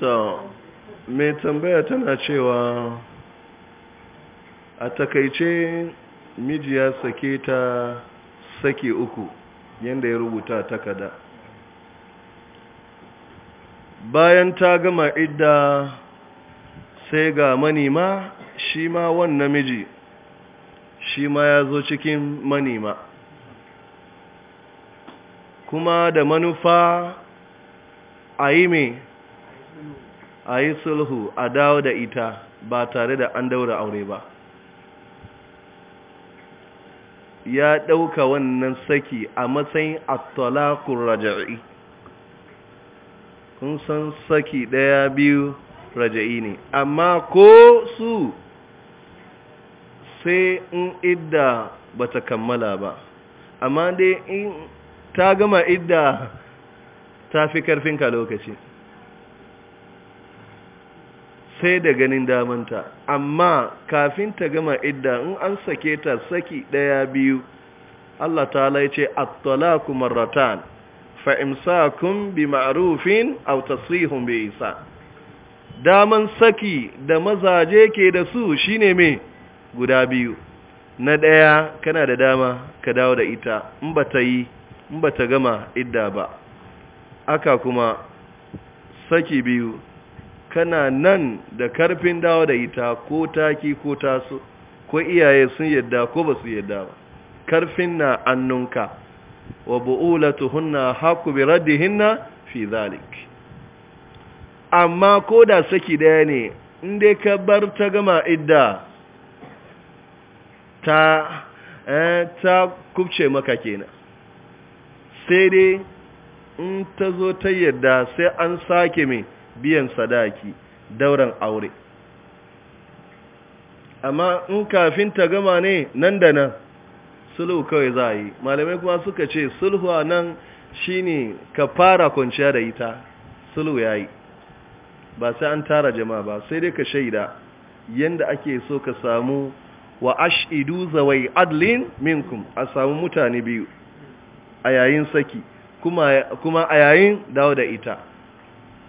ta mai tambaya tana cewa a takaice miji ya sake ta sake uku yadda ya rubuta takada bayan ta gama idda sai ga manima shi ma wannan miji shi ma ya zo cikin manima kuma da manufa a yi mai a yi sulhu a dawo da ita ba tare da an daura aure ba ya ɗauka wannan saki a matsayin attalakun raja'i kun san saki ɗaya biyu raja'i ne amma ko su sai in idda ba ta kammala ba amma dai in ta gama idda ta fi karfinka lokaci sai da ganin damanta amma kafin ta gama idda in an sake ta saki daya biyu Allah ta ya ce at-talaqu marratan fa imsakum bi ma'rufin aw tasrihun bi isa daman saki da mazaje ke da su shine me guda biyu na daya kana da dama ka dawo da ita in bata yi in bata gama idda ba aka kuma saki biyu kana nan da karfin dawo da ita ko taki ko taso ko iyaye sun yadda ko ba su yadda ba karfin na annunka wa bu'ulatuhunna haku bi raddihinna fi zalik amma ko da saki daya ne in ka bar ta gama idda ta eh, ta kubce maka kenan sai dai in ta zo ta yadda sai an sake mai biyan sadaki dauran aure amma in kafin ta gama ne nan da nan sulhu kawai za a yi malamai kuma suka ce sulhu a nan shine ka fara kwanciya da ita sulhu ya yi ba sai an tara jama'a ba sai dai ka shaida yanda ake so ka samu wa ashidu zawai adlin minkum a samu mutane biyu a yayin saki kuma a yayin dawo da ita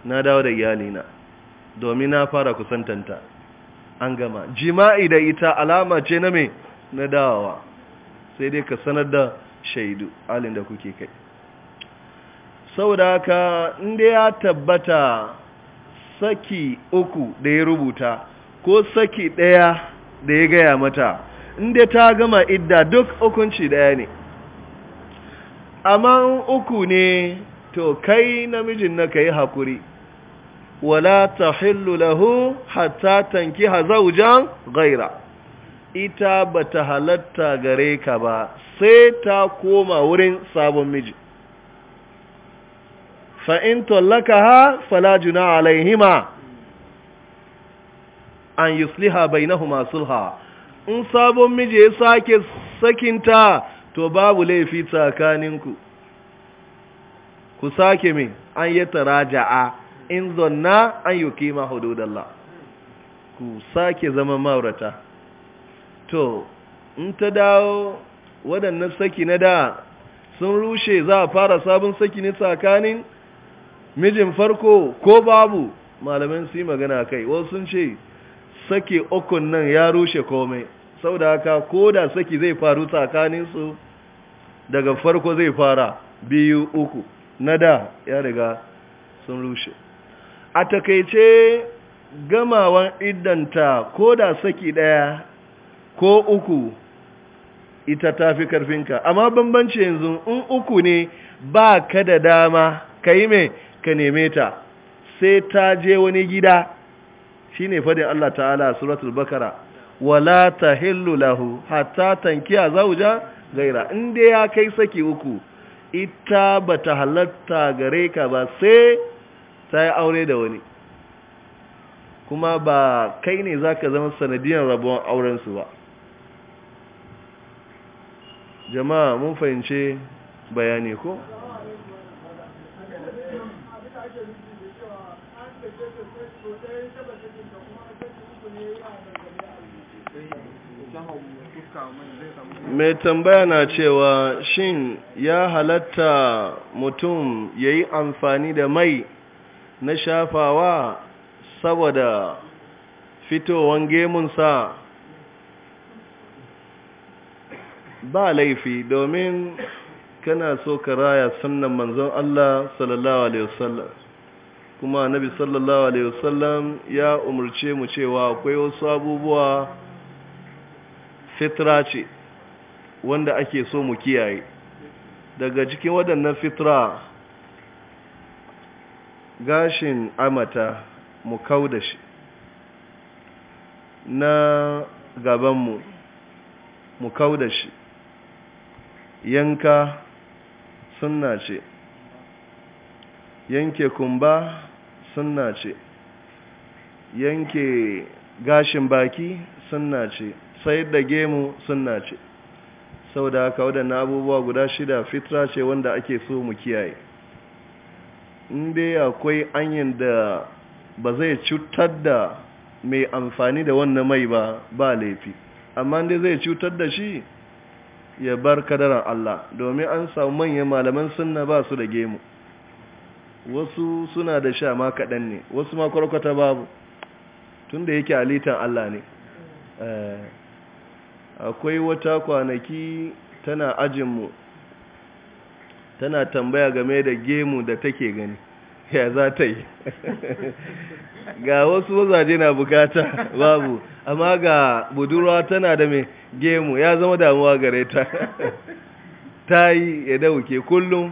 na dawo da iyalina domin na fara kusantanta an gama jima'i da ita alama ce na me na dawowa sai dai ka sanar da shaidu alin da kuke kai da haka inda ya tabbata saki uku da ya rubuta ko saki ɗaya da ya gaya mata inda ta gama idda duk ukunci daya ne amma uku ne to kai namijin na ka yi haƙuri wala tahillu lahu hatta tankiha zawjan ghaira ita ba ta halatta gare ka ba sai ta koma wurin sabon miji fa in tallakaha fala juna alaihima an yusliha bainahuma sulha in sabon miji ya sake sakinta to babu laifi tsakaninku ku sake min an yi raja'a. in zanna an yi kima hududallah ku sake zama maurata to in ta dawo waɗannan saki na da sun rushe za a fara sabon saki ne tsakanin mijin farko ko babu malamin su yi magana kai wasu sun ce sake okun nan ya rushe komai sau da haka ko da saki zai faru tsakaninsu daga farko zai fara biyu uku na da ya riga sun rushe a takaice gamawan iddanta ko da saki ɗaya ko uku ita ta fi karfinka amma bambanci yanzu in uku ne ba ka da dama ka yi mai ka neme ta sai ta je wani gida shi ne fadin Allah ta'ala suratul bakara wala ta lahu hatta tankiya za wuja gaira inda ya kai saki uku ita ba ta halatta gare ka ba sai ta yi aure da wani kuma ba kai ne za ka zama sanadiyar rabuwan aurensu ba jama'a mun fahimce bayani ko? mai tambaya na cewa shin ya halatta mutum ya yi amfani da mai na shafawa saboda fitowan gemunsa ba laifi domin kana so ka raya sannan manzon Allah sallallahu alaihi wasallam kuma Nabi sallallahu alaihi wasallam ya umarce mu cewa akwai wasu abubuwa fitra ce wanda ake so mu kiyaye daga cikin waɗannan fitra gashin amata mu kau shi na gabanmu mu kau shi yanka sunna ce yanke kumba sunna ce yanke gashin baki sunna ce sayar da gemu sunna ce sau da haka na abubuwa guda shida fitra ce wanda ake so mu kiyaye in dai akwai anyan da ba zai cutar da mai amfani da wannan mai ba ba laifi amma dai zai cutar da shi ya bar kadaran Allah domin an samu manyan malaman sunna ba su da gemu wasu suna da sha ma kaɗan ne wasu ma kwarkwata babu tun da yake alitan Allah ne eh, akwai wata kwanaki tana ajinmu tana tambaya game da gemu da take gani ya za ta yi ga wasu mazaje na bukata babu amma ga budurwa tana da mai gemu ya zama damuwa gare ta ta yi ya dauke kullum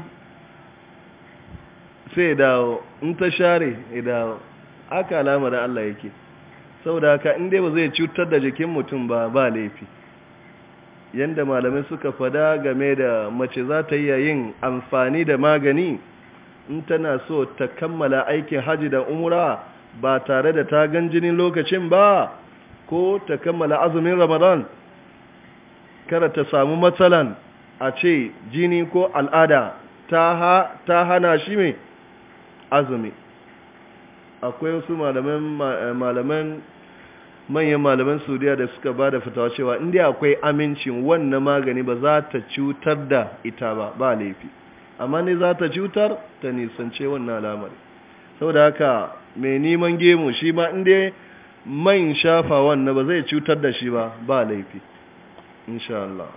sai dawo in ta share ya dawo aka alama da Allah yake saboda haka in dai ba zai cutar da jikin mutum ba ba laifi yanda malamai suka fada game da mace za ta yi yayin amfani da magani in tana so ta kammala aikin haji da umra ba tare da ta gan jinin lokacin ba ko ta kammala azumin ramadan kada ta samu matsalan a ce jini ko al'ada ta, hana shi mai azumi akwai wasu malaman manyan malaman suriya da suka ba da fitawa cewa inda akwai amincin wannan magani ba za ta cutar da ita ba ba laifi amma ne za ta cutar ta nisance wannan alamar saboda haka mai neman gemu shi ma inda man shafa wannan ba zai cutar da shi ba ba laifi insha Allah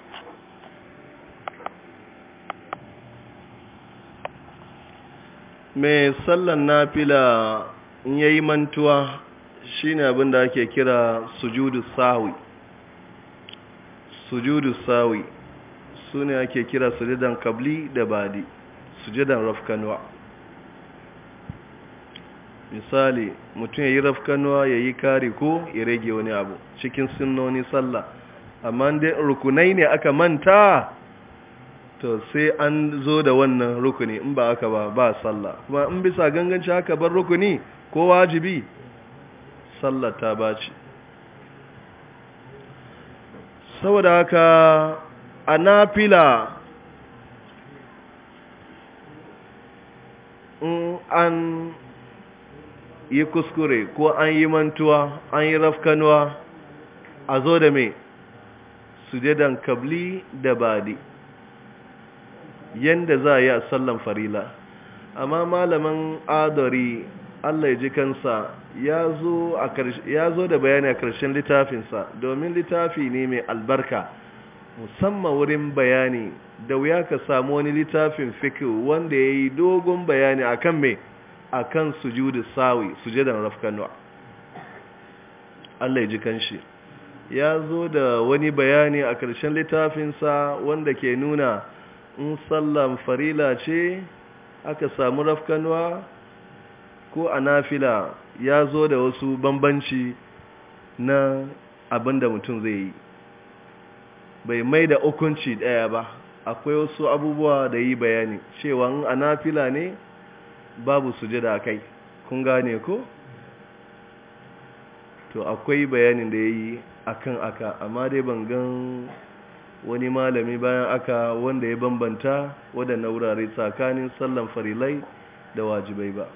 mai sallan nafila in yayi mantuwa ne abin da ake kira sujudu sawi sujudu sawi su ne ake kira sujudan kabli da badi sujudan rafkanuwa misali mutum ya yi rafkanuwa ya yi kari ko ya rage wani abu cikin sinnoni sallah amma dai rukunai ne aka manta to sai an zo da wannan rukuni in ba aka ba ba sallah kuma in bisa ganganci aka bar rukuni ko wajibi sallar ta baci saboda haka a nafila in an yi kuskure ko an yi mantuwa an yi rafkanuwa a zo da mai sujadan kabli da badi yanda za a yi a sallan farila amma malaman adari Allah ya ji kansa ya zo da bayani a ƙarshen littafinsa domin littafi ne mai albarka musamman wurin bayani da wuya ka samu wani littafin fikir wanda ya yi dogon bayani a kan mai a kan sujudu sawi rafkanuwa Allah ya ji kanshi ya zo da wani bayani a ƙarshen littafinsa wanda ke nuna in sallan farila ce aka samu rafkanuwa ko a nafila ya zo da wasu bambanci na abin da mutum zai yi bai mai da hukunci ɗaya ba akwai wasu abubuwa da yi bayani cewa a nafila ne babu sujada kai kun gane ko to akwai bayanin da ya yi akan aka amma dai ban ga wani malami bayan aka wanda ya bambanta wadannan wurare tsakanin sallan farilai da wajibai ba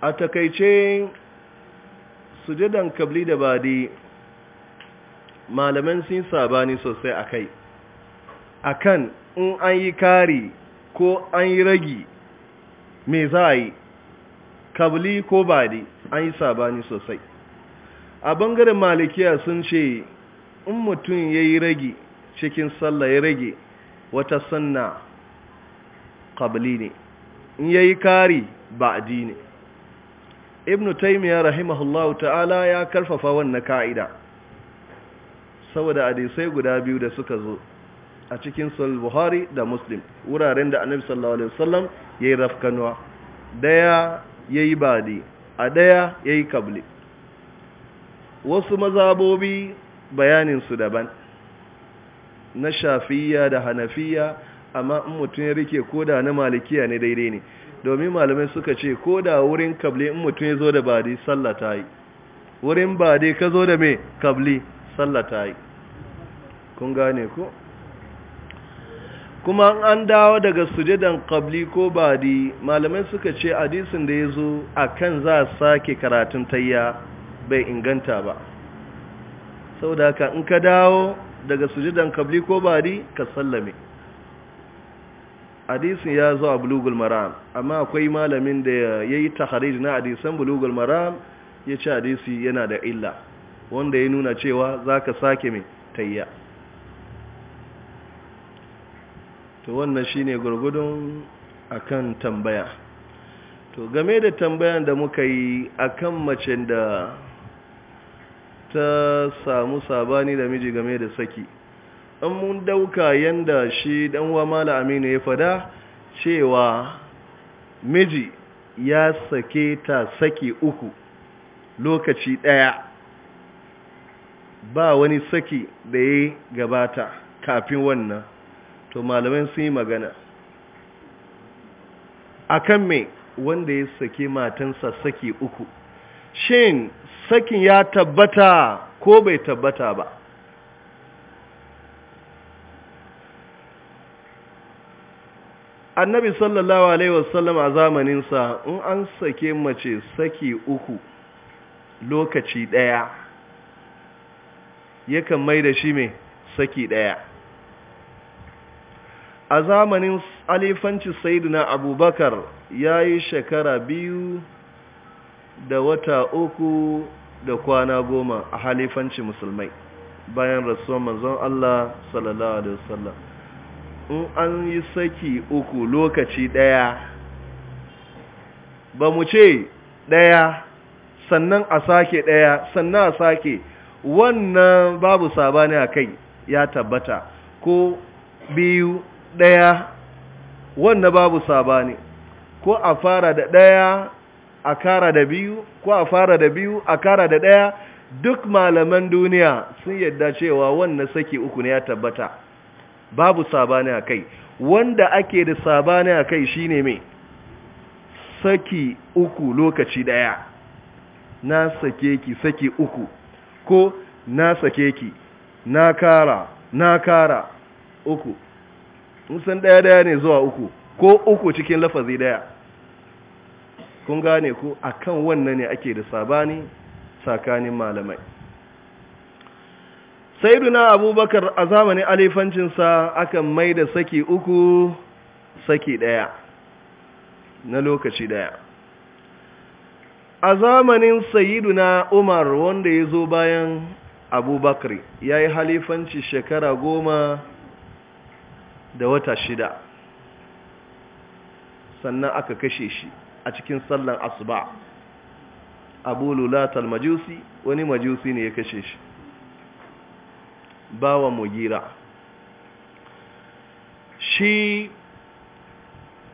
a takaice sujadan kabli da badi malaman sun sabani sosai a kai a kan in an yi kari ko an yi ragi me za a yi kabli ko badi an yi sabani sosai a bangaren malikiya sun ce in mutum ya yi ragi cikin sallah ya rage wata sanna kabli ne in ya yi kari ba'adi ne ibn taimiyya rahimahullahu ta'ala ya karfafa wannan ka'ida saboda adisai guda biyu da suka zo a cikin sahih buhari da muslim wuraren da annabi sallallahu alaihi wasallam yayi rafkanwa daya yayi badi a daya yayi kabli wasu mazabobi bayanin su daban na shafiya da hanafiya amma in mutum ya rike koda na malikiya ne daidai ne domin malamai suka ce ko da wurin kabli in mutum ya zo da badi sallah ta yi wurin badi ka zo da me kabli sallah ta yi kun gane ko kuma an dawo daga sujadan kabli ko badi malamai suka ce hadisin da ya zo a kan za a sake karatun tayya bai inganta ba sau da haka in ka dawo daga sujadan kabli ko badi ka sallame hadisin ya zo a bulugul maram amma akwai malamin da ya yi taharij na hadisan bulugul maram ya ce hadisi yana da illa wanda ya nuna cewa za ka sake mai tayya to wannan shi ne gurgudun akan tambaya to game da tambayan da muka yi akan macen da ta samu sabani da miji game da saki an mun dauka yanda shi dan wa mala aminu ya fada cewa miji ya sake ta saki uku lokaci daya ba wani saki da ya gabata kafin wannan to malamai sun yi magana akan me wanda ya sake matansa saki uku shin sakin ya tabbata ko bai tabbata ba annabi sallallahu alaihi wasallam a zamaninsa in an sake mace saki uku lokaci ɗaya yakan mai da shi mai saki ɗaya a zamanin alifanci na abubakar ya yi shekara biyu da wata uku da kwana goma a halifanci musulmai bayan rasuwan manzon Allah sallallahu alaihi wasallam in an yi saki uku lokaci ɗaya ba mu ce ɗaya sannan a sake ɗaya sannan a sake wannan babu sabani a kai ya tabbata ko biyu ɗaya wannan babu sabani ko a fara da ɗaya a kara da biyu ko a fara da biyu a kara da ɗaya duk malaman duniya sun yadda cewa wannan saki uku ne ya tabbata babu sabani a kai wanda ake da sabani a kai shi ne mai saki uku lokaci daya na sake ki saki uku ko na sake ki na kara na kara uku musan daya daya ne zuwa uku ko uku cikin lafazi daya kun gane ko akan wannan ne ake da sabani tsakanin malamai sayyiduna abubakar a zamanin alifancinsa akan mai da saki uku saki ɗaya na lokaci ɗaya a zamanin sayyiduna umar wanda ya zo bayan abubakar ya yi halifanci shekara goma da wata shida sannan aka kashe shi a cikin sallan asuba abu lulatar majusi wani majusi ne ya kashe shi bawa mugira shi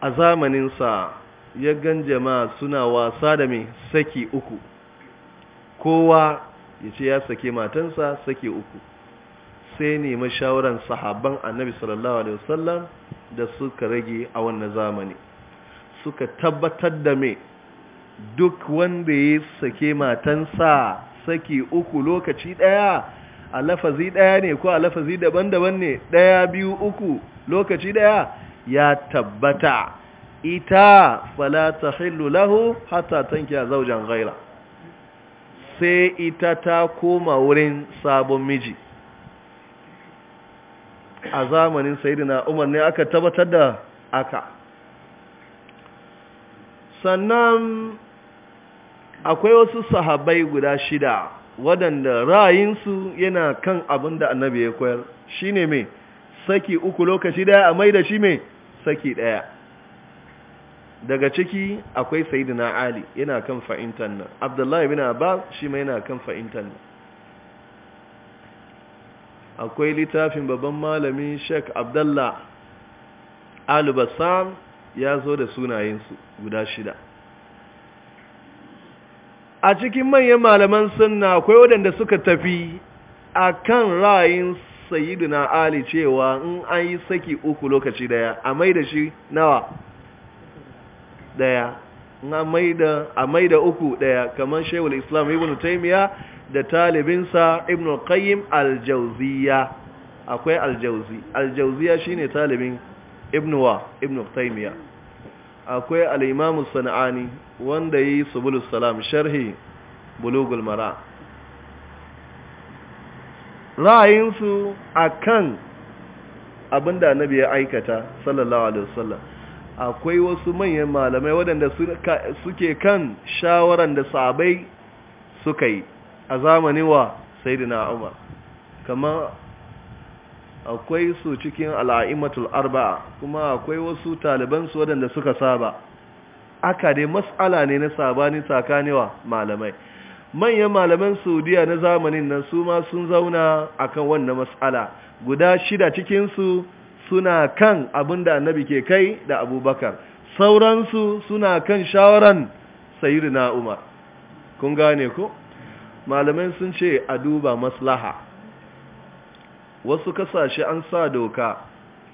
a zamaninsa ya gan jama'a suna wasa da mai saki uku kowa ya ce ya sake matansa saki uku sai ne shawarar sahaban annabi sallallahu alaihi wasallam da suka rage a wannan zamani suka tabbatar da mai duk wanda ya sake matansa saki uku lokaci daya a lafazi ɗaya ne ko a lafazi daban-daban ne ɗaya biyu uku lokaci ɗaya ya tabbata ita falata tahillu lahu tanki tankiya zaujan gaira. sai ita ta koma wurin sabon miji a zamanin sayidina umar ne aka tabbatar da aka sannan akwai wasu sahabai guda shida waɗanda ra'ayinsu yana kan abin da annabi ya koyar shi ne mai saki uku lokaci ɗaya a mai da shi mai saki ɗaya daga ciki akwai na ali yana kan fa'intan nan abdullahi bin abbas shi mai yana kan fa'intan nan akwai littafin babban malami sheik abdullah alubassam ya zo da sunayensu guda shida a cikin manyan malaman sunna akwai waɗanda suka tafi a kan ra'ayin na ali cewa in an yi saki uku lokaci daya a mai da shi nawa daya a mai da uku daya kamar shehul islam ibn taimiya da talibinsa ibn qayyim aljauziya akwai aljauzi aljauziya shine talibin ibn wa ibn taimiya akwai al'imamu sana'ani wanda yi subulus salam sharhi bulugul mara ra'ayinsu a kan abin da annabi ya aikata sallallahu alaihi wasallam akwai wasu manyan malamai waɗanda suke kan shawaran da sabai suka yi a zamanin wa saidina umar kamar akwai su cikin al'aimatul arba'a kuma akwai wasu talibansu waɗanda suka saba aka dai mas'ala ne na sabani tsakaniwa malamai manyan malaman saudiya na zamanin nan su ma sun zauna akan wannan matsala guda shida cikinsu suna kan abin da annabi ke kai da abubakar sauransu suna kan shawaran sayidu na umar kun gane ku malamai sun ce a duba maslaha wasu kasashe an sa doka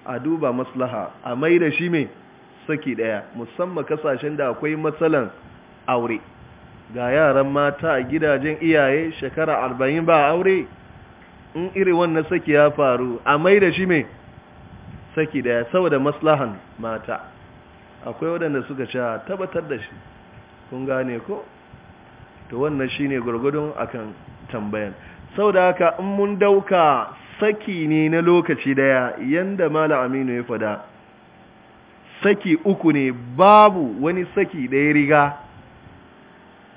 a duba maslaha a mai da shi mai saki daya musamman kasashen da akwai matsalan aure ga yaran mata a gidajen iyaye shekara arba'in ba aure in iri wannan saki ya faru a mai da shi mai saki daya saboda maslahan mata akwai waɗanda suka sha tabbatar da shi kun gane ko to wannan shine gurgudun akan tambayan da haka in mun dauka saki ne na lokaci daya yanda mala aminu ya fada saki uku ne babu wani saki da ya riga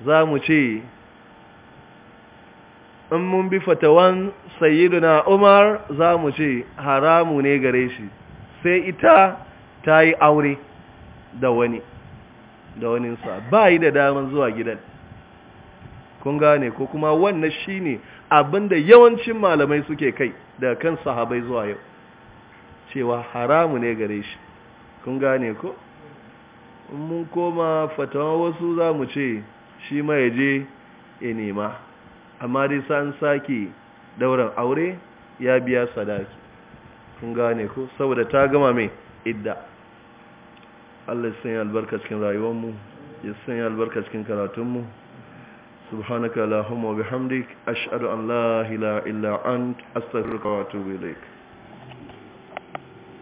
za mu ce in mun bi fatawan sayyiduna umar za mu ce haramu ne gare shi sai ita ta yi aure da wani da waninsa ba yi da daman zuwa gidan kun gane ko kuma wannan shine Abin da yawancin malamai suke kai daga kan sahabai zuwa yau cewa haramu ne gare shi kun gane ko mun koma fatawa wasu za mu ce shi ma ya je ya nema amma dai san sake dauran aure ya biya sadaki kun gane ko saboda ta gama mai idda Allah ya sanya albarka cikin rayuwarmu ya sanya albarka cikin karatunmu subhanaka allahumma wa bihamdik ashhadu an la ilaha illa ant astaghfiruka wa atubu